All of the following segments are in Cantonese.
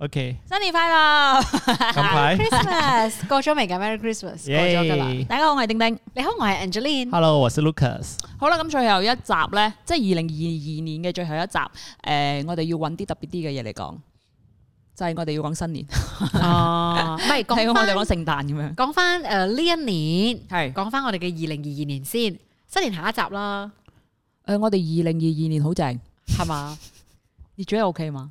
OK，新年快樂！Happy Christmas，過咗未噶？Merry Christmas，yeah. 過咗噶啦。大家好，我係丁丁，你好，我係 Angeline。Hello，我是 Lucas。好啦，咁最後一集咧，即係二零二二年嘅最後一集。誒、呃，我哋要搵啲特別啲嘅嘢嚟講，就係、是、我哋要講新年。哦、啊，唔 係，講翻就講聖誕咁樣。講翻誒呢一年係，講翻我哋嘅二零二二年先。新年下一集啦。誒、呃，我哋二零二二年好正，係嘛？ 你最 OK 嘛？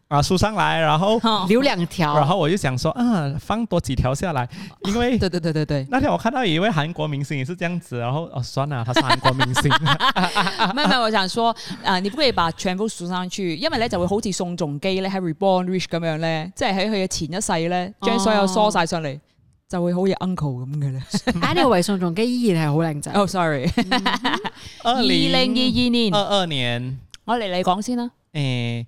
啊，輸上來，然後留兩條，然後我就想說，啊，放多幾條下來，因為對對對對對，那天我看到有一位韓國明星也是這樣子，然後哦，算啦，他是韓國明星，唔係唔係，我想說，啊， 你唔可以把全部輸上去，因為咧就會好似宋仲基咧，喺 Reborn Rich 咁樣咧，即係喺佢嘅前一世咧，將所有梳晒上嚟，就會好似 Uncle 咁嘅咧。Anyway，哦、 宋仲基依然係好靚仔。哦、oh，sorry，二零二二年，二二年，我、啊、嚟你講先啦、啊，誒、欸。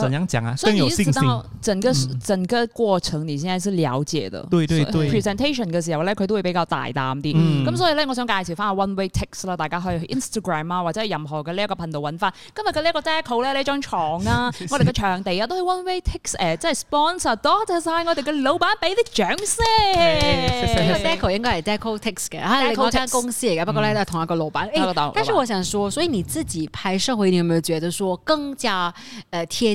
怎樣講啊？所以你一直到整個、嗯、整個過程，你現在是了解的。對對對，對，presentation 嘅時候，候咧佢都會比較大膽啲。咁、嗯、所以咧，我想介紹翻阿 One Way Text 啦，大家可以去 Instagram 啊，或者任何嘅呢一個頻道揾翻。今日嘅呢個 deco 咧，呢、這、張、個、床啊，是是我哋嘅場地啊，都係 One Way Text 誒、呃，即、就、係、是、sponsor，多謝晒我哋嘅老闆俾啲掌聲。個 deco 應該係 deco text 嘅，吓，deco text，嗰間公司嚟嘅。不過咧，都、嗯、係同一個老闆、欸。但是我想說，所以你自己拍攝回，你有冇覺得說更加誒貼、呃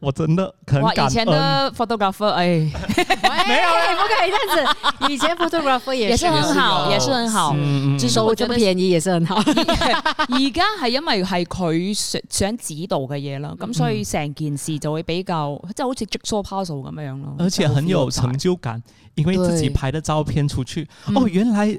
我真的，哇！以前的 photographer，哎，沒、哎、有、哎哎哎，不可以這樣子。以前 photographer 也是很好，也是很好，做做片嘢也是很好。而家係因為係佢想想指導嘅嘢咯，咁、嗯、所以成件事就會比較即係好似 jigsaw puzzle 咁樣咯。而且很有成就感，嗯、因為自己拍的照片出去，哦、嗯，原來。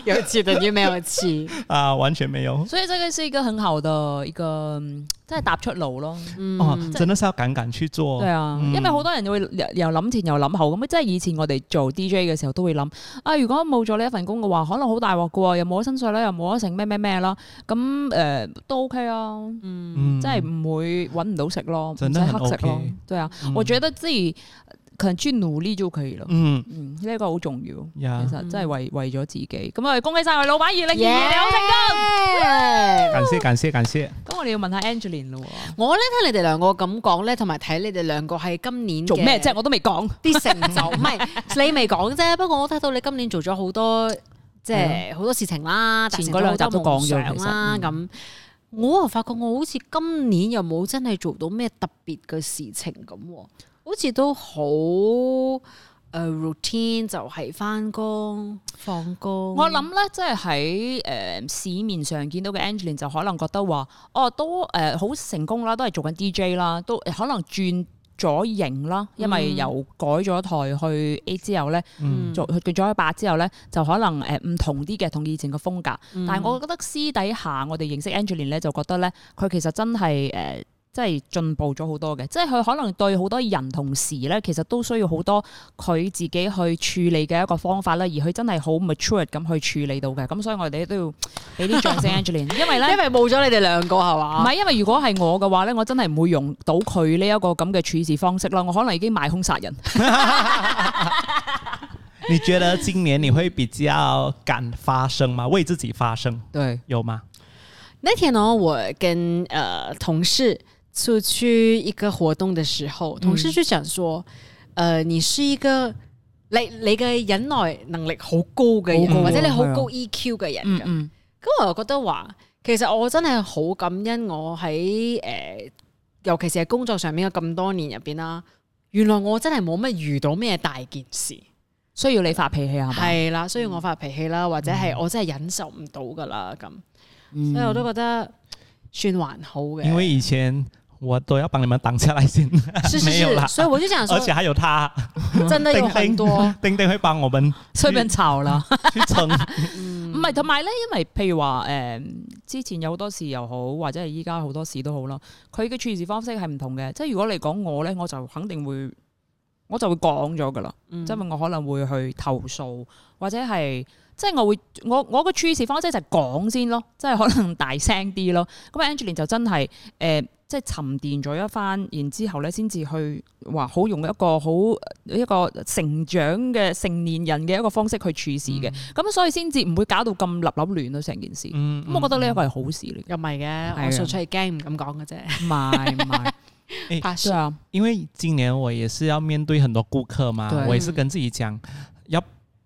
有一次等於沒有一次 啊，完全沒有。所以這個是一個很好的一個，真係踏出路咯、嗯。哦，真的是要趕緊去做、嗯。對啊，因為好多人會又諗前又諗後咁，即係以前我哋做 DJ 嘅時候都會諗啊，如果冇咗呢一份工嘅話，可能好大鑊噶，又冇咗薪水喇，又冇咗成咩咩咩啦。咁誒、呃、都 OK 啊，嗯，即係唔會搵唔到食咯，唔使、OK、乞食咯。對啊，嗯、我覺得自己。肯努力就可以咯。嗯，呢、嗯這個好重要、嗯，其實真係為為咗自己。咁、嗯、我哋恭喜晒我哋老闆2022、yeah! 你好成功。感謝感謝感謝。咁我哋要問下 Angeline 咯。我咧聽你哋兩個咁講咧，同埋睇你哋兩個係今年做咩啫？我都未講啲成就，唔係你未講啫。不過我睇到你今年做咗好多，即係好多事情啦。前嗰兩集都講咗啦。咁、嗯、我又發覺我好似今年又冇真係做到咩特別嘅事情咁。好似都好、呃、routine，就係翻工放工。我諗咧，即係喺、呃、市面上見到嘅 Angeline 就可能覺得話哦，都、呃、好成功啦，都係做緊 DJ 啦，都可能轉咗型啦，因為又改咗台去 A 之後咧、嗯，做變咗一八之後咧，就可能唔同啲嘅，同以前嘅風格。嗯、但係我覺得私底下我哋認識 Angeline 咧，就覺得咧，佢其實真係、呃即係進步咗好多嘅，即係佢可能對好多人同事咧，其實都需要好多佢自己去處理嘅一個方法啦。而佢真係好 mature 咁去處理到嘅，咁所以我哋都要俾啲掌聲 Angeline 因為咧，因為冇咗你哋兩個係嘛？唔係，因為如果係我嘅話咧，我真係唔會用到佢呢一個咁嘅處事方式咯。我可能已經買兇殺人。 你覺得今年你會比較敢發聲嘛？為自己發聲？對，有嗎？那天呢，我跟誒、呃、同事。出去一個活動嘅時候，同事就想說，誒、嗯呃，你是一個你你嘅忍耐能力好高嘅人高高，或者你好高 EQ 嘅人的。咁、嗯嗯、我又覺得話，其實我真係好感恩我，我喺誒，尤其是係工作上面嘅咁多年入邊啦。原來我真係冇乜遇到咩大件事，嗯，需要你發脾氣係嘛？係啦，需要我發脾氣啦，或者係我真係忍受唔到噶啦咁。所以我都覺得算還好嘅，因為以前。我都要幫你們等下來先，所以我就想說，而且還有他，真的有很多。釘 釘、嗯、 會幫我們，這邊吵啦，唔係同埋咧，而且因為譬如話誒，之前有好多事又好，或者係依家好多事都好咯。佢嘅處事方式係唔同嘅，即係如果你講我咧，我就肯定會，我就會講咗噶啦。即、嗯、係、就是、我可能會去投訴，或者係即係我會我我嘅處事方式就係講先咯，即係可能大聲啲咯。咁 Angeline 就真係誒。呃即係沉澱咗一番，然之後咧，先至去話好用一個好一個成長嘅成年人嘅一個方式去處事嘅，咁、嗯嗯、所以先至唔會搞到咁立立亂咯，成件事。咁、嗯、我覺得呢一個係好事嚟。又唔係嘅，我純粹係驚，唔敢講嘅啫。唔係唔係，怕事啊！因為今年我也是要面對很多顧客嘛，我也是跟自己講。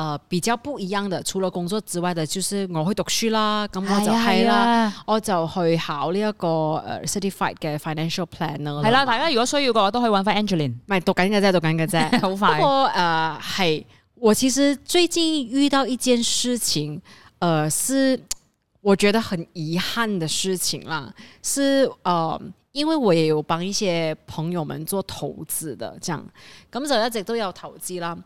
誒、呃，比較不一樣的，除了工作之外的，就是我去讀書啦，咁我就係啦、啊啊啊，我就去考呢、這、一個誒、呃、certified 嘅 financial planner 咯。係啦、啊，大家如果需要嘅話，都可以搵翻 Angeline。唔係讀緊嘅啫，讀緊嘅啫，好 快。不過誒，係、呃、我其實最近遇到一件事情，誒、呃，是我覺得很遺憾的事情啦。是誒、呃，因為我也有幫一些朋友們做投資的這，這樣咁就一直都有投資啦。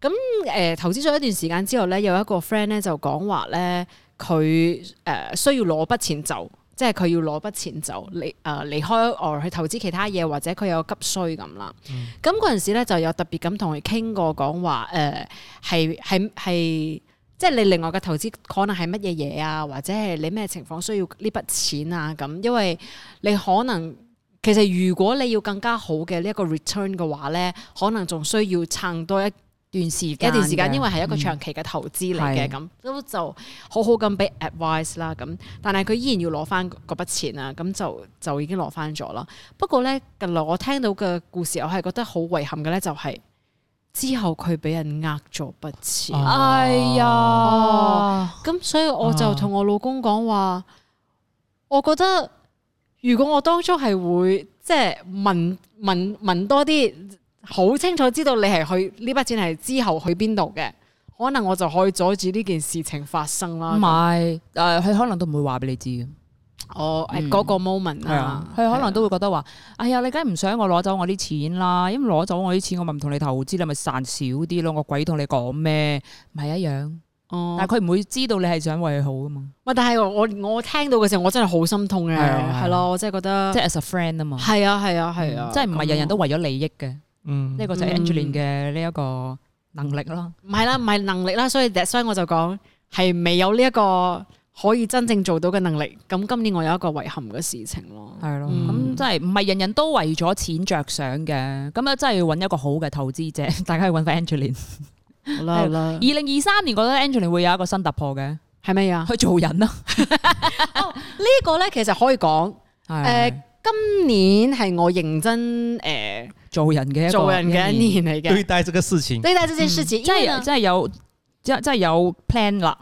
咁誒、呃、投資咗一段時間之後咧，有一個 friend 咧就講話咧，佢誒、呃、需要攞筆錢走，即係佢要攞筆錢走，離誒、呃、離開我去投資其他嘢，或者佢有急需咁啦。咁嗰陣時咧就有特別咁同佢傾過，講話誒係係係，即、呃、係、就是、你另外嘅投資可能係乜嘢嘢啊，或者係你咩情況需要呢筆錢啊？咁因為你可能其實如果你要更加好嘅呢一個 return 嘅話咧，可能仲需要撐多一段時間，一段時間，因為係一個長期嘅投資嚟嘅，咁、嗯、都就好好咁俾 advice 啦。咁但係佢依然要攞翻嗰筆錢啊，咁就就已經攞翻咗啦。不過呢，近來我聽到嘅故事，我係覺得好遺憾嘅呢、就是，就係之後佢俾人呃咗筆錢、啊。哎呀，咁、啊、所以我就同我老公講話、啊，我覺得如果我當初係會即係、就是、問問問多啲。好清楚知道你係去呢筆錢係之後去邊度嘅，可能我就可以阻止呢件事情發生啦。唔係，誒，佢可能都唔會話俾你知嘅。哦，喺、嗯、嗰個 moment 係啊，佢、啊、可能都會覺得話、啊：，哎呀，你梗係唔想我攞走我啲錢啦，因為攞走我啲錢，我咪唔同你投資，你咪賺少啲咯。我鬼同你講咩？唔係一樣。嗯、但係佢唔會知道你係想為佢好啊嘛。喂，但係我我聽到嘅時候，我真係好心痛嘅、啊，係咯、啊啊啊，我真係覺得，即係 as a friend 啊嘛。係啊，係啊，係啊，即係唔係人人都為咗利益嘅。呢、嗯呢個就係 Angeline 嘅呢一個能力咯、嗯，唔係啦，唔係能力啦，所以，所以我就講係未有呢一個可以真正做到嘅能力，咁今年我有一個遺憾嘅事情咯，係咯，咁、嗯、真係唔係人人都為咗錢着想嘅，咁啊真係要揾一個好嘅投資者，大家去揾翻 Angeline，好啦好啦，二零二三年覺得 Angeline 會有一個新突破嘅，係咪啊？去做人咯、啊，呢、 哦呢個咧其實可以講，誒、呃，今年係我認真誒。呃做人嘅做人嘅一年嚟嘅，對待這個事情，對待這件事情，嗯、因為真係真係有真係有 plan 啦，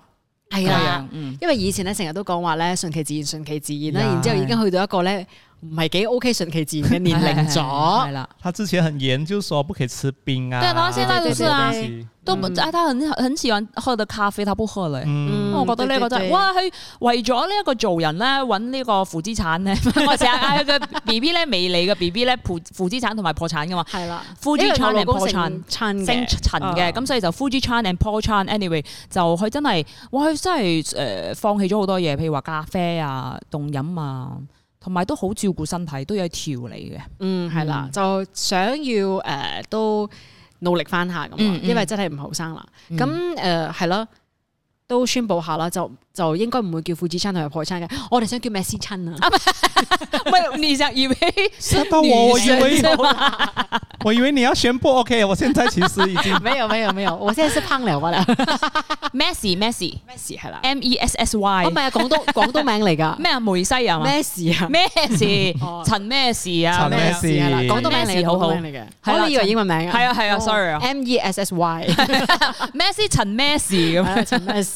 係啊，因為以前咧成日都講話咧順其自然，順其自然啦，然之後已經去到一個咧。唔係幾 ok 順其自然嘅年齡咗。係 啦，他之前很嚴，就說不可以吃冰啊。對，然後現在就是啊，嗯、都不，他很很喜歡喝到咖啡，他不喝嘞。嗯、我覺得呢一個真係哇，佢為咗呢一個做人咧，搵呢個負資產咧，或者啊個 B B 咧未嚟嘅 B B 咧負負資產同埋破產噶嘛。係啦，負資產係破產、新陳嘅，咁、嗯、所以就負資產 and 破產 anyway，就佢真係哇，佢真係誒放棄咗好多嘢，譬如話咖啡啊、凍飲啊。同埋都好照顧身體，都有啲調理嘅、嗯，嗯，係啦，就想要誒、呃、都努力翻下咁，因為真係唔後生啦，咁誒係咯。呃都宣布下啦，就就應該唔會叫父子陳同埋破餐嘅，我哋想叫咩西陳啊！唔係，你就以為？我以為我以為你要宣布，OK？我現在其實已經沒有，沒有，沒有，我現在是胖了，我啦。Messy，Messy，Messy，係啦，M E S S, -S Y，唔、oh, 係啊，廣東廣東名嚟噶，咩啊？梅西啊，梅西啊，梅西，陳梅西啊，梅西，廣、嗯、東、嗯、名嚟好好，我以為英文名啊，係啊係啊，sorry 啊，M E S S, -S Y，梅西陳梅西咁，陳 陳 Messi,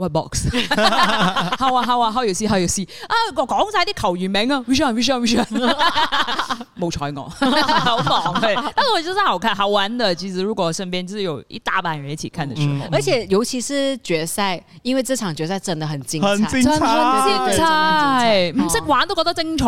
好啊好啊好有戲好有戲啊！講講晒啲球員名啊 v i s 好 o n v i s 冇睬我，好忙 但係我就是好看，好玩的。其實如果身邊就是有一大班人一起看的時候、嗯，而且尤其是決賽，因為這場決賽真的很精彩，精彩精彩，唔識、嗯、玩都覺得精彩，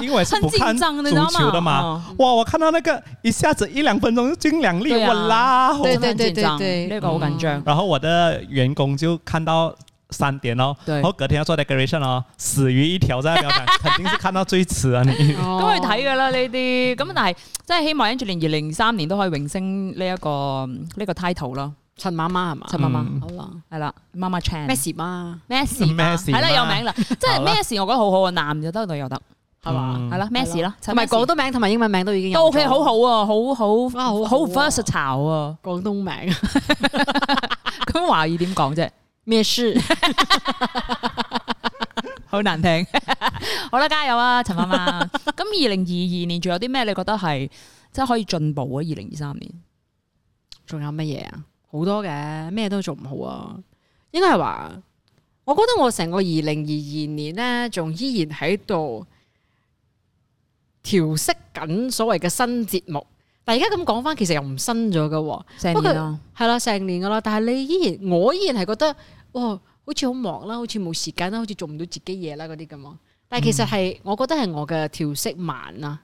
因為很緊張你知道嘛？哇！我看到那個一下子一兩分鐘就進兩粒，我拉，我好緊張，對，啊對，啊好對，對，對那個好緊張。然後我的員工就看到。到三點咯，好隔天要做 decoration 咯，死魚一條真係，肯定是看到最遲啊！你都去睇噶啦呢啲，咁但係真係希望 Angeline 二零二三年都可以榮升呢一個呢個 title 咯，陳媽媽係嘛？陳媽媽好啦，係啦，媽媽 Chan，Messi 媽，Messi，Messi，係啦有名啦，真係 Messi 我覺得好好啊，男又得女又得，係嘛？係啦，Messi 啦，唔係廣東名同埋英文名都已經都 OK，好好啊，好好，好好 versatile 啊，廣東名，咁華語點講啫？咩好 很難聽。 好啦，加油啊，陳媽媽。咁二零二二年仲有啲咩你覺得係即係可以進步啊？二零二三年仲有乜嘢啊？好多嘅，咩都做唔好啊。應該係話，我覺得我成個二零二二年咧，仲依然喺度調適緊所謂嘅新節目。但係而家咁講翻，其實又唔新咗噶，成年咯，係啦，成年噶啦。但係你依然，我依然係覺得。哇，好似好忙啦，好似冇時間啦，好似做唔到自己嘢啦嗰啲咁啊！但係其實係，我覺得係我嘅調息慢啊。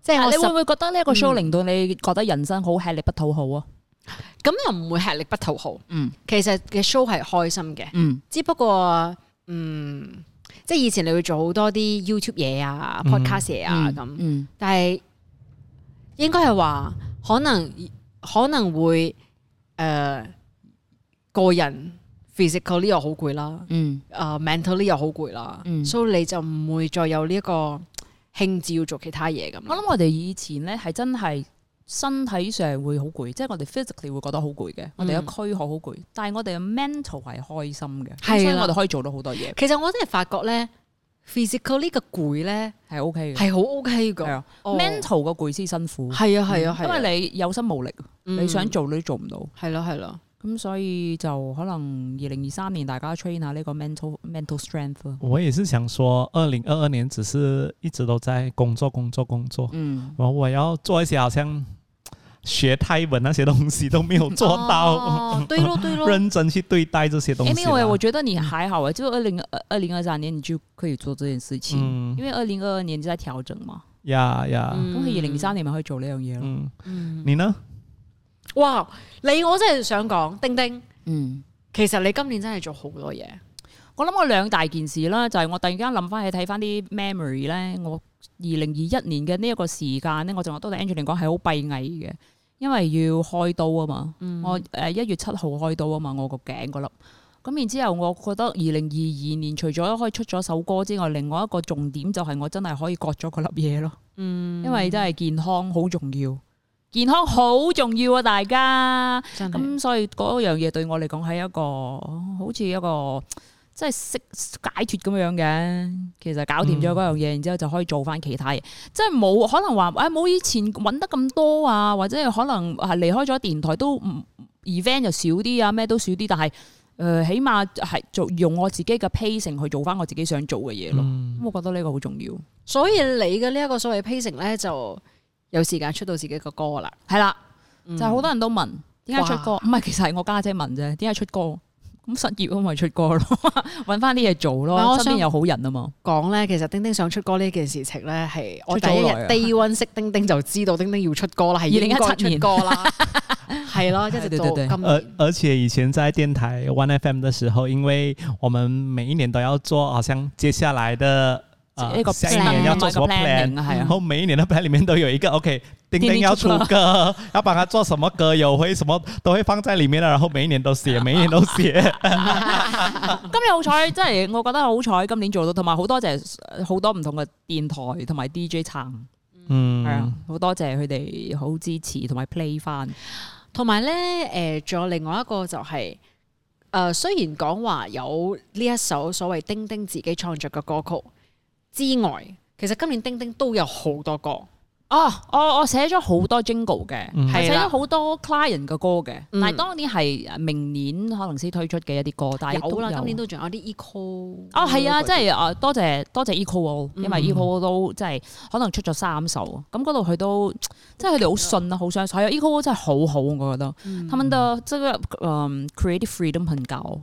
即係你會唔會覺得呢一個 show、嗯、令到你覺得人生好吃力不討好啊？咁又唔會吃力不討好，嗯，其實嘅 show 係開心嘅，嗯，只不過，嗯，即係以前你會做好多啲 YouTube 嘢啊、嗯、podcast 嘢啊咁，嗯嗯、但係應該係話可能可能會誒、呃、個人。physically 又好攰啦，啊、嗯 uh, mentally 又好攰啦，所以你就唔會再有呢一個興致要做其他嘢咁。我諗我哋以前咧係真係身體上會好攰，即係我哋 physically 會覺得好攰嘅，我哋個軀殼好攰，但係我哋嘅 mental 係開心嘅、嗯，所以我哋可以做到好多嘢。其實我真係發覺咧，physical 呢個攰咧係 OK 嘅，係好 OK 噶、哦，mental 個攰先辛苦，係啊係啊係，因為你有心冇力、嗯，你想做都做唔到，係咯係咯。咁、嗯、所以就可能二零二三年大家 train 下呢個 mental mental strength。我也是想說，二零二二年只是一直都在工作工作工作，嗯，我我要做一些，好像學泰文那些東西都沒有做到，哦、啊， 對咯對咯， 認真去對待這些東西。誒、欸，沒有啊、欸，我覺得你還好啊、欸，就二零二二零二三年你就可以做這件事情，嗯、因為二零二二年就在調整嘛。呀、yeah, 呀、yeah. 嗯，咁二零二三年咪可以做呢樣嘢咯，嗯嗯，你呢？哇！Wow, 你我真係想講，丁丁，嗯，其實你今年真係做好多嘢。我諗我兩大件事啦，就係、是、我突然間諗翻起睇翻啲 memory 咧，我二零二一年嘅呢一個時間咧，我仲都同 Angeline 講係好閉翳嘅，因為要開刀啊嘛、嗯、嘛。我誒一月七號開刀啊嘛，我個頸個粒。咁然之後，我覺得二零二二年除咗可以出咗首歌之外，另外一個重點就係我真係可以割咗個粒嘢咯。嗯、因為真係健康好重要。健康好重要啊！大家咁，咁所以嗰樣嘢對我嚟講係一個好似一個即係識解脫咁樣嘅。其實搞掂咗嗰樣嘢，然、嗯、之後就可以做翻其他嘢。即係冇可能話誒冇以前搵得咁多啊，或者可能啊離開咗電台都唔，event 就少啲啊，咩都少啲。但係誒、呃、起碼係做用我自己嘅 pacing 去做翻我自己想做嘅嘢咯。嗯、我覺得呢個好重要。所以你嘅呢一個所謂 pacing 咧就。有時間出到自己個歌啦，係啦、嗯，就好、是、多人都問點解出歌，唔係其實係我家姐,姐問啫，點解出歌，咁失業都咪出歌咯，搵翻啲嘢做咯。我身邊有好人啊嘛。講咧，其實丁丁想出歌呢件事情咧，係我第一日 day one 識丁丁就知道丁丁要出歌啦，係二零一七年出歌啦，係咯，一 直做今年對對對對而,而且以前在電台 One FM 嘅時候，因為我們每一年都要做，好像接下來的。呢個下一年要做什麼 plan 啊？係，啊，好，每一年的 plan 裏面都有一個，OK，丁丁要出歌， 要幫佢做什麼歌友會，什麼都會放在裏面啦。然後每一年都寫， 每一年都寫。 今日好彩，真係我覺得好彩，今年做到，同埋好多謝好多唔同嘅電台同埋 DJ 撐，嗯，係啊，好多謝佢哋好支持 play，同埋 play 翻。同埋咧，誒，仲有另外一個就係、是，誒、呃，雖然講話有呢一首所謂丁丁自己創作嘅歌曲。之外，其實今年丁丁都有好多歌哦、啊，我寫了很、嗯、我寫咗好多 jingle 嘅，係寫咗好多 client 嘅歌嘅、嗯，但係當年係明年可能先推出嘅一啲歌，有但係好啦，今年都仲有啲 eco 哦，係啊，即係啊真，多謝多謝 eco、嗯、因為 eco 都即係可能出咗三首，咁嗰度佢都、嗯、即係佢哋好信啊，好相信，係、嗯、啊，eco 真係好好，我覺得，嗯、他們的即係 creative freedom 很高。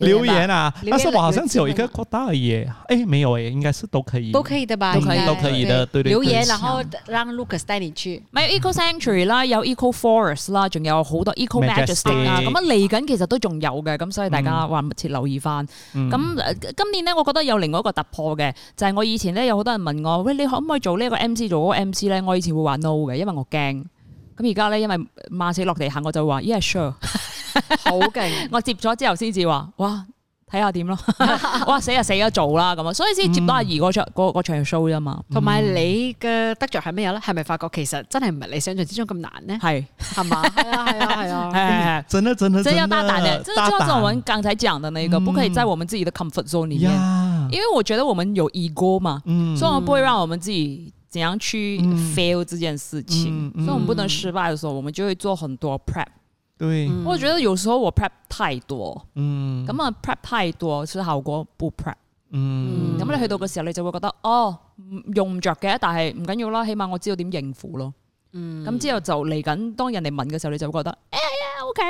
留言，啊、言啊！但是我好像只有一個擴大耶，誒、啊欸，沒有誒、欸，應該是都可以，都可以的吧，都可以，都可以的，對對，對。留言，然後讓 Lucas 帶你去。咪 Eco Sanctuary a 啦，有 Eco Forest 啦，仲有好多 Eco Majestic 啦、嗯，咁啊嚟緊其實都仲有嘅，咁所以大家話密切留意翻。咁、嗯、今年咧，我覺得有另外一個突破嘅，就係、是、我以前咧有好多人問我，喂，你可唔可以做呢個 MC 做嗰個 MC 咧？我以前會話 no 嘅，因為我驚。咁而家咧，因為馬死落地行，我就話 yes、yeah, sure。 好勁厲害！ 我接咗之後先至話，哇，睇下點咯， 哇死啊死咗做啦咁啊， 所以先接到阿二嗰場嗰嗰場 show 啊嘛。同埋你嘅得着係咩嘢咧？係咪發覺其實真係唔係你想象之中咁難咧？係係嘛係啊係啊係啊係、啊 嗯，真嘅真嘅真嘅。真要大膽嘅，真,真就係我們剛才講嘅那個、嗯，不可以在我們自己的 comfort zone 裡面。嗯、因為我覺得我們有 ego 嘛、嗯，所以我們不會讓我們自己怎樣去 fail 這件事情。嗯嗯、所以我們不能失敗嘅時候、嗯，我們就會做很多 prep。對，我覺得有時候我 prep 太多，咁、嗯、啊 prep 太多，所以效果不 prep。咁、嗯嗯、你去到嘅時,、哦嗯、時候，你就會覺得哦，用唔着嘅，但係唔緊要啦，起碼我知道點應付咯。咁之後就嚟緊，當人哋問嘅時候，你就會覺得哎呀，OK，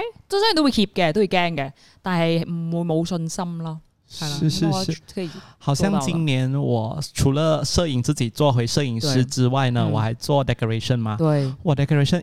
都會 keep 嘅，都會驚嘅，但係唔會冇信心咯。係啦，係係係。好像今年我除了攝影自己做回攝影師之外呢，嗯、我還做 decoration 嘛。對，我 decoration。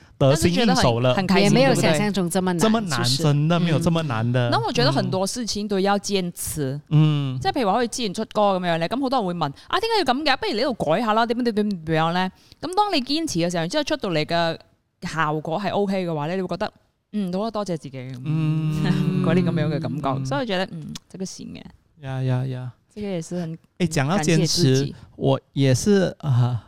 得心應手了，也沒有想象中這麼，難、就是、這麼難，真的沒有這麼難的。那、嗯嗯、我覺得很多事情都要堅持，嗯，譬如話可以自然出歌咁樣咧，咁好多人會問，啊點解要咁嘅？不如你度改下啦，點點點點樣咧？咁當你堅持嘅時候，之後出到嚟嘅效果係 OK 嘅話咧，你會覺得，嗯，好多謝自己，嗯，嗰啲咁樣嘅感覺，嗯、所以我覺得嗯，真係善嘅，呀呀呀，呢個亦是很，誒、欸，講到堅持，我也是啊。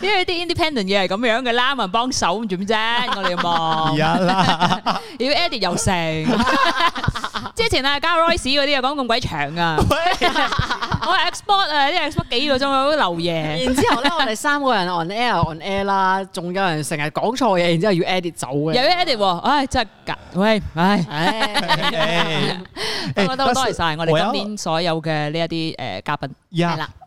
因為啲 Independent 嘢係咁樣嘅啦，冇人幫手咁做咩啫？我哋冇。有啦，要 edit 又成。之前啊，加 Royce 嗰啲又講咁鬼長噶。我係 Export 啊，啲 Export 幾個鐘都流嘢。然之後咧，我哋三個人 on air on air 啦，仲有人成日講錯嘢，然之後要 edit 走嘅。又要 edit，唉真係噶。喂，唉唉。多謝多謝，我哋今年所有嘅呢一啲誒嘉賓。係啦。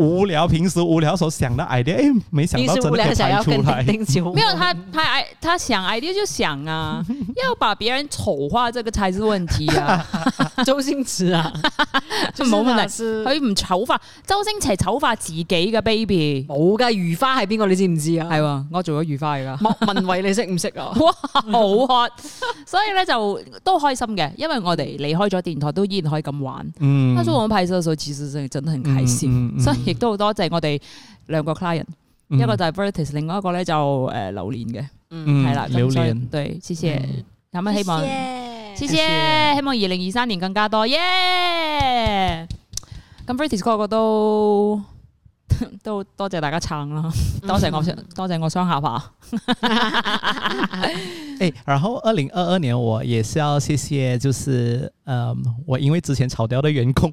平時無聊 idea，平時無聊時候想到 idea，誒，沒想到真係拍出來。沒有，他他他想 idea 就想啊，要 把別人醜化這個才是問題啊。 周星馳馳啊， 就冇問題。佢唔醜化周星馳醜化自己嘅 baby，冇噶。如花係邊個你知唔知啊？係喎，我做咗如花嚟㗎。莫文蔚你識唔識啊？ 哇，好啊。所以咧就都開心嘅，因為我哋離開咗電台都依然可以咁玩。但係我哋拍攝嘅時候其實真係真係開心，嗯嗯嗯亦都好多謝我哋兩個 client、嗯、一個就係 Virtis，另外一個咧就誒榴槤嘅，係、呃嗯、啦榴槤、嗯，所以對，謝謝，咁、嗯、啊，希望，謝謝，謝謝謝謝希望二零二三年更加多耶！Yeah 咁 Virtis，個個都都多謝大家撐啦、嗯，多謝我，多謝我雙下巴。誒、 欸，然後二零二二年我也是要謝謝，就是，嗯，我因為之前炒掉的員工。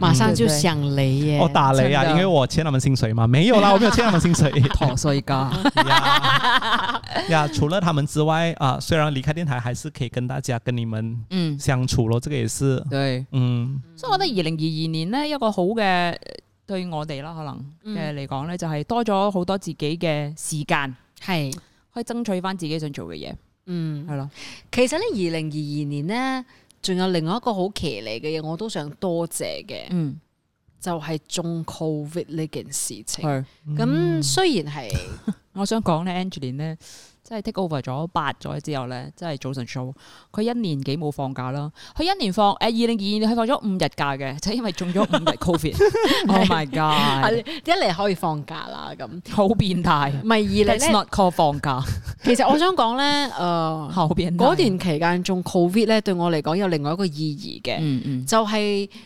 馬上就響雷耶、嗯！我、哦、打雷啊，因為我欠他們薪水嘛，沒有啦，我沒有欠他們薪水，所以講，呀，除了他們之外啊，雖然離開電台，還是可以跟大家跟你們嗯相處咯、嗯，這個也是，對，嗯，所、so, 以我覺得二零二二年呢，一個好嘅對我哋啦，可能嘅嚟講咧，就係、是、多咗好多自己嘅時間，係可以爭取返自己想做嘅嘢，嗯，係咯，其實咧二零二二年咧。仲有另外一個好騎呢嘅嘢，我都想多謝嘅，嗯、就係中 COVID 呢件事情。咁、嗯、雖然係。 我想講咧，Angeline 咧，即係 take over 咗八咗之後咧，即係早晨 show，佢一年幾冇放假啦，佢一年放誒二零二二年佢放咗五日假嘅，就係因為中咗五日 covid，Oh my god！ 一嚟可以放假啦，咁好變態，唔 係二嚟 not call 放假。 其實我想講咧，誒、 呃，好變態，嗰段期間中 covid 咧，對我嚟講有另外一個意義嘅、嗯嗯，就係、是。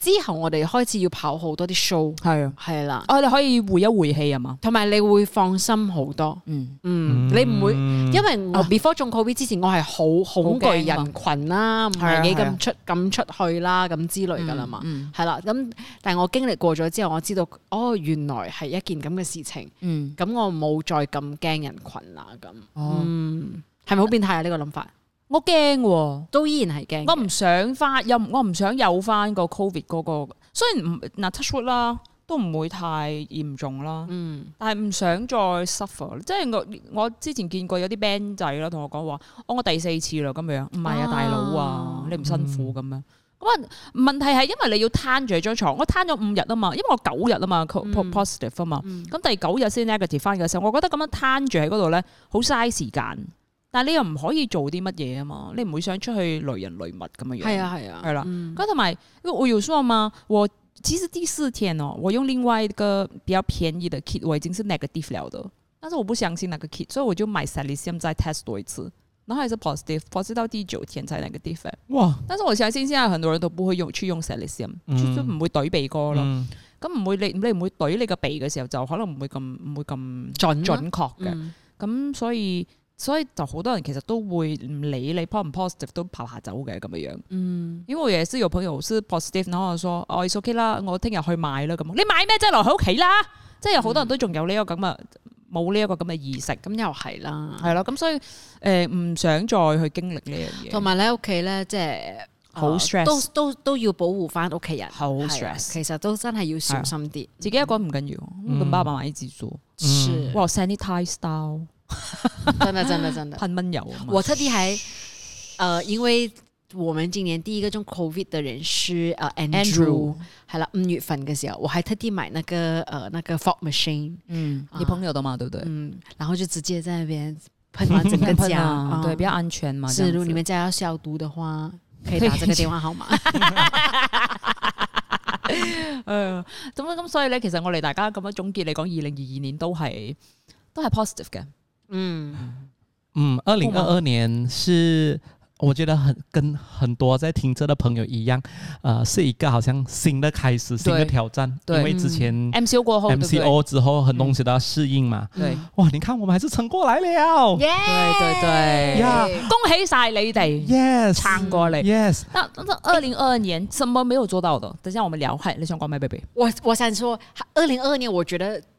之後我哋開始要跑好多啲 show，係啊，係啦，我哋可以回一回氣啊嘛，同埋你會放心好多，嗯嗯，你唔會，因為我 before 中 COVID 之前我係好恐懼人群啦，唔係幾敢出敢出去啦，咁之類噶啦嘛，係啦，咁但係我經歷過咗之後，我知道哦原來係一件咁嘅事情，嗯，咁我冇再咁驚人群啦，咁，嗯，係咪好變態啊呢個諗法？我驚喎、啊，都依然係驚。我唔想翻，有我唔想有翻個 COVID 嗰、那個。雖然唔嗱 touchwood 啦，都唔會太嚴重啦。嗯，但係唔想再 suffer 即。即係我我之前見過有啲 band 仔啦，同我講話，哦，我第四次啦，咁樣。唔係啊，啊，大佬啊，你唔辛苦咁樣。咁、嗯、啊，問題係因為你要攤住喺張牀，我攤咗五日啊嘛，因為我九日啊嘛，positive 啊嘛。咁、嗯嗯、第九日先 negative 翻嘅時候，我覺得咁樣攤住喺嗰度咧，好嘥時間。但係你又唔可以做啲乜嘢啊嘛，你唔會想出去累人累物咁樣樣。係啊係啊，係啦、啊。咁同埋我有話嘛，我其實第四天哦，我用另外一個比較便宜嘅 kit，我已經是 negative 了的，但是我不相信那個 kit，所以我就買 Salixium 再 test 多一次，然後係 positive，positive 到第九天才 negative。哇！但是我相信現在很多人都不會用去用 Salixium、嗯、就唔會對鼻哥咯。咁、嗯、唔會你你唔會對你個鼻嘅時候就可能唔會咁唔會咁準準確嘅。咁、啊嗯、所以。所以就好多人其實都會唔理會你 positive 都爬下走嘅咁樣，嗯，因為我有時有朋友係 positive，然後我話，哦，係 OK 啦，我聽日去買啦。咁你買咩啫？留喺屋企啦。即係好多人都仲有呢、呢個咁啊，冇呢一個咁嘅意識。咁又係啦，係咯。咁所以誒，唔、呃、想再去經歷呢樣嘢。同埋你喺屋企咧，即係好 stress，都都都，都要保護翻屋企人。好 stress，其實都真係要小心啲，自己一個人唔緊要，跟、嗯、爸爸媽一起做。哇 sanitise 真的真的真的噴蚊油、啊，我特地還，呃，因為我們今年第一個中 COVID 的人是 Andrew, Andrew，呃，Andrew，係啦，五月份嘅時候，我還特地買那個，呃，那個 fog machine，嗯、啊，你朋友的嘛，對不對？嗯，然後就直接在那邊噴完整個家， 對，比較安全嘛。是，如果你們家要消毒的話，可以打這個電話號碼。誒，咁樣咁，所以呢，其實我哋大家咁樣總結嚟講，二零二二年都係都係 positive 嘅。嗯嗯，二零二二年是我覺得很跟很多在聽着的朋友一樣，呃，是一個好像新的開始，新的挑戰。對因為之前、嗯、MCO 過後，MCO 之後很多東西都要適應嘛。嗯、對,對,對，哇，你看我們還是撐過來了。對對對，呀、yeah，恭喜晒你哋，yes, 唱過嚟。Yes，那那二零二二年什麼沒有做到的？欸、等一下我們聊下相關嘅 baby，b 我我想說，二零二二年我覺得。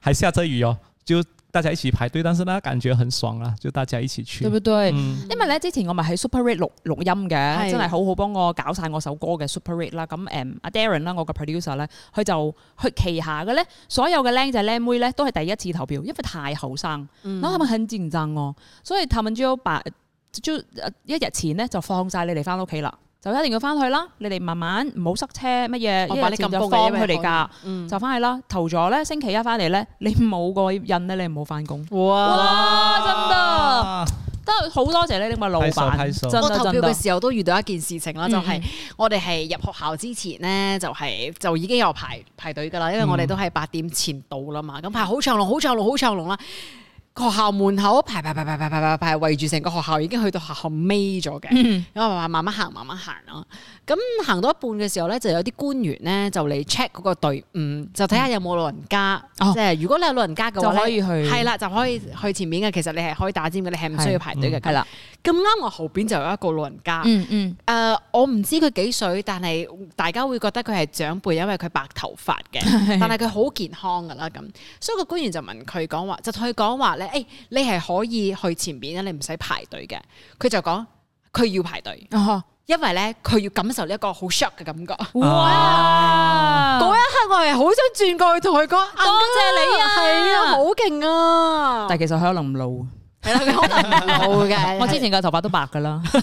還下着雨哦，就大家一起排隊，但是呢感覺很爽啊，就大家一起去，對不對？嗯、因為咧之前我咪喺 Super Read 錄錄音嘅，真係好好幫我搞晒我首歌嘅 Super Read 啦。咁誒，阿、啊、Darren 啦，我嘅 producer 咧，佢就去旗下嘅咧，所有嘅靚仔靚妹咧都係第一次投票，因為太後生，咁係咪很戰爭哦？所以他們只有把就一日前咧就放晒你哋翻屋企啦。就一定要翻去啦！你哋慢慢唔好塞車乜嘢，我你因為錢、嗯、就方佢哋噶，就翻去啦。投咗咧，星期一翻嚟咧，你冇個印咧，你唔好翻工。哇，哇！真得！都好哇 哇 多謝你個，你咪老闆。我投票嘅時候都遇到一件事情啦，就係、是、我哋係入學校之前咧，就係、是、就已經有排排隊噶啦，因為我哋都係八點前到啦嘛。咁、嗯、排好長龍，好長龍，好長龍啦。學校門口排排排排排排排圍住成個學校，已經去到學校尾咗嘅，咁慢慢慢行，慢慢行咯。咁行到一半嘅時候咧，就有啲官員咧就嚟 check 嗰個隊伍，就睇下有冇老人家。嗯、即係如果你有老人家嘅話，就可以去。係啦，就可以去前面嘅。其實你係可以打尖嘅，你係唔需要排隊嘅。係、嗯、啦。咁啱，我後邊就有一個老人家。誒、嗯嗯呃，我唔知佢幾歲，但係大家會覺得佢係長輩，因為佢白頭髮嘅， 但係佢好健康噶啦。咁，所以個官員就問佢講話，就同佢講話。誒、hey,，你係可以去前邊啊，你唔使排隊嘅。佢就講，佢要排隊，uh -huh. 因為咧佢要感受呢一個好 shock 嘅感覺。Uh -huh. 哇！嗰、啊、一刻我係好想轉過去同佢講，多、uh、謝 -huh. 你啊，係啊，好勁啊！但係其實佢可能唔老，係 啦，佢可能唔老嘅。我之前個頭髮都白噶啦。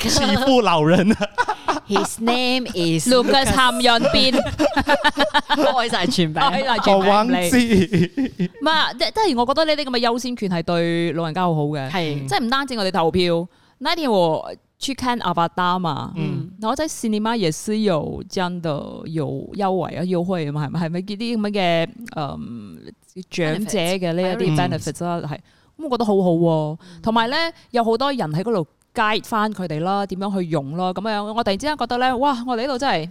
欺負老人啊！His name is 龍格參元我唔係，即 係 全 全、 啊、 我覺得呢啲咁嘅優先權係對老人家很好好嘅。係、 嗯，即係唔單止我哋投票，那天和 chicken 阿伯打嘛，嗯，然後在線也是有這樣有優惠啊，優惠啊嘛，係咪係咪啲咁樣嘅嗯長者嘅呢一啲 benefits 啦，咁、嗯、我覺得好好同埋咧，有好多人喺度。介翻佢哋啦，點樣去用咯咁樣？我突然之間覺得咧，哇！我哋呢度真係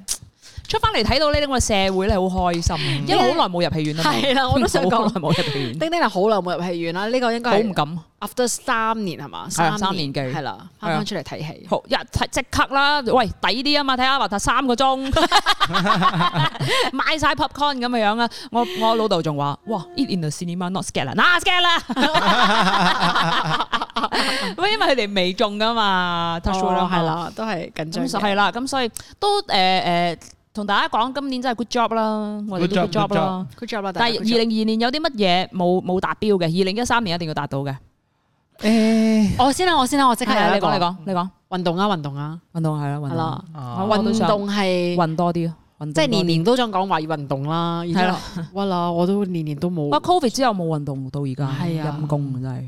出翻嚟睇到呢啲個社會咧，好開心，因為好耐冇入戲院啦。係我都想講好耐冇入戲院。丁丁啊，好耐冇入戲院啦，呢個應該好唔敢。After 三年係嘛年？三年幾？係啦了，啱啱出嚟睇戲，一即刻啦。喂，抵啲啊嘛，睇下阿凡達三個鐘， 買晒 popcorn 咁嘅樣啊！我我老豆仲話，哇、ah，eat in the cinema not scared 啦，not scared 啦。 因為佢哋未中㗎嘛，特殊啦，係啦，都係緊張嘅，係啦，咁所以都誒誒同大家講，今年真係 good job 啦，我哋都 good job 啦。但係二零二二年有啲乜嘢冇冇達標嘅？二零一三年一定要達到嘅。誒、欸 oh，我先啦，我先啦，我即刻嚟講你講嚟講，運動啊，運動啊，運動係啦，係啦，運動係、啊，運、啊、多啲，即係、就是、年年都想講話要運動啦。係啦，屈啦，我都年年都冇。啊 ，covid 之後冇運動到而家，陰功。真係。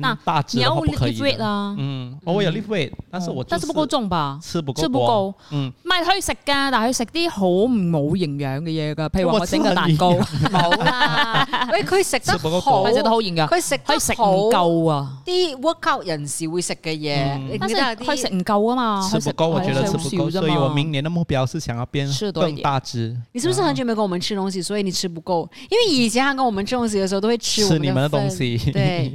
嗱、啊嗯哦，有好 lift weight 啦嗯，我有 lift weight 但是我是不，但是冇夠重吧，吃不夠、嗯 有啦， 吃不夠，嗯，唔係可以食噶，但係食啲好唔冇營養嘅嘢噶，譬如話我整嘅蛋糕，佢食得好，佢佢食，佢食唔夠啊，啲 workout 人士會食嘅嘢，但是佢食唔夠啊嘛、嗯，吃唔夠，我覺得吃唔夠，吃夠小小，所以我明年的目標是想要變更大隻、嗯。你是不是很久冇跟我們吃東西，所以你吃唔夠、嗯？因為以前佢跟我們吃東西嘅時候都會吃的，吃你們嘅東西，對， 對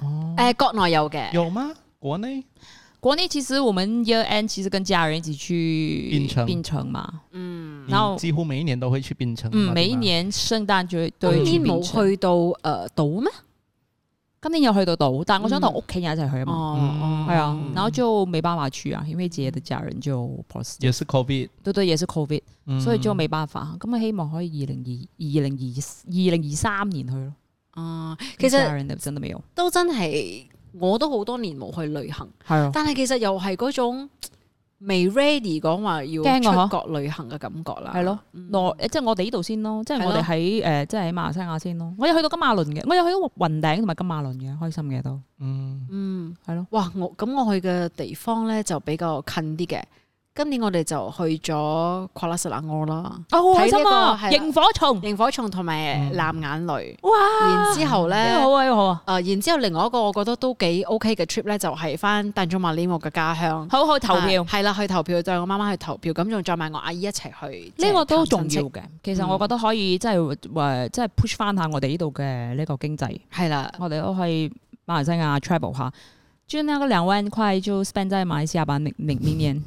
誒、哦呃，國內有嘅有嗎？國內國內其實我們 Year End 其實跟家人一起去檳城檳城嘛，嗯，然後幾乎每一年都會去檳城。嗯，每一年聖誕節就對、嗯、今年冇去到誒島咩？今年有去到島，但我想同屋企人一齊去嘛，係、嗯嗯、啊、嗯，然後就沒辦法去啊，因為姐的家人就 post 也是 Covid，對，對對，也是 Covid、嗯、所以就沒辦法。咁我希望可以二零二二零二二零二三年去咯。啊，其實真都未有，都真係我都好多年冇去旅行，係啊，但係其實又係嗰種未 ready 講話要出外國旅行嘅感覺啦，係咯，內即係我哋呢度先咯，即係我哋喺誒即係馬來西亞先咯，我有去到金馬倫嘅，我有去咗雲頂同埋金馬倫嘅，開心嘅都，嗯嗯，係咯，哇，我咁我去嘅地方咧就比較近啲嘅。今年我哋就去咗瓜拉雪蘭莪啦，睇呢、啊這個螢火蟲、螢火蟲同埋藍眼淚。哇！然之後咧，好好啊、呃。然之後另外一個我覺得都幾 OK 嘅 trip 咧，就係翻大中馬尼莫嘅家鄉。好，好，好投票。係、啊、啦，去投票，就帶我媽媽去投票。咁仲再埋我阿姨一齊去。呢、就是這個都重要嘅。其實我覺得可以，即係即係 push 翻下我哋呢度嘅呢個經濟。係、嗯、啦，我哋都可以馬來西亞 travel 下。兩就那個兩萬塊就 spend 在馬來西亞吧，明明年。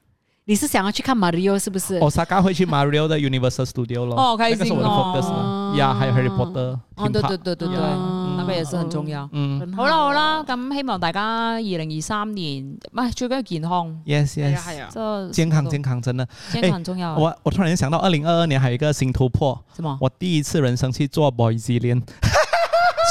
你是想要去看 Mario 是不是？哦，我下屆會去 Mario 的 Universal Studio 咯， 哦，OK，這、哦那個是我的 focus 啦。呀、哦，yeah, 還有 Harry Potter，哦，對對對對、嗯、對，對，對，對，嗯、那個也是很重要。嗯，好、嗯、啦好啦，咁希望大家二零二三年，唔係最緊要健康。Yes yes，係、哎、健康健康真的，健康很重要、啊欸。我我突然間想到二零二二年還有一個新突破，什麼？我第一次人生去做 boyzilian。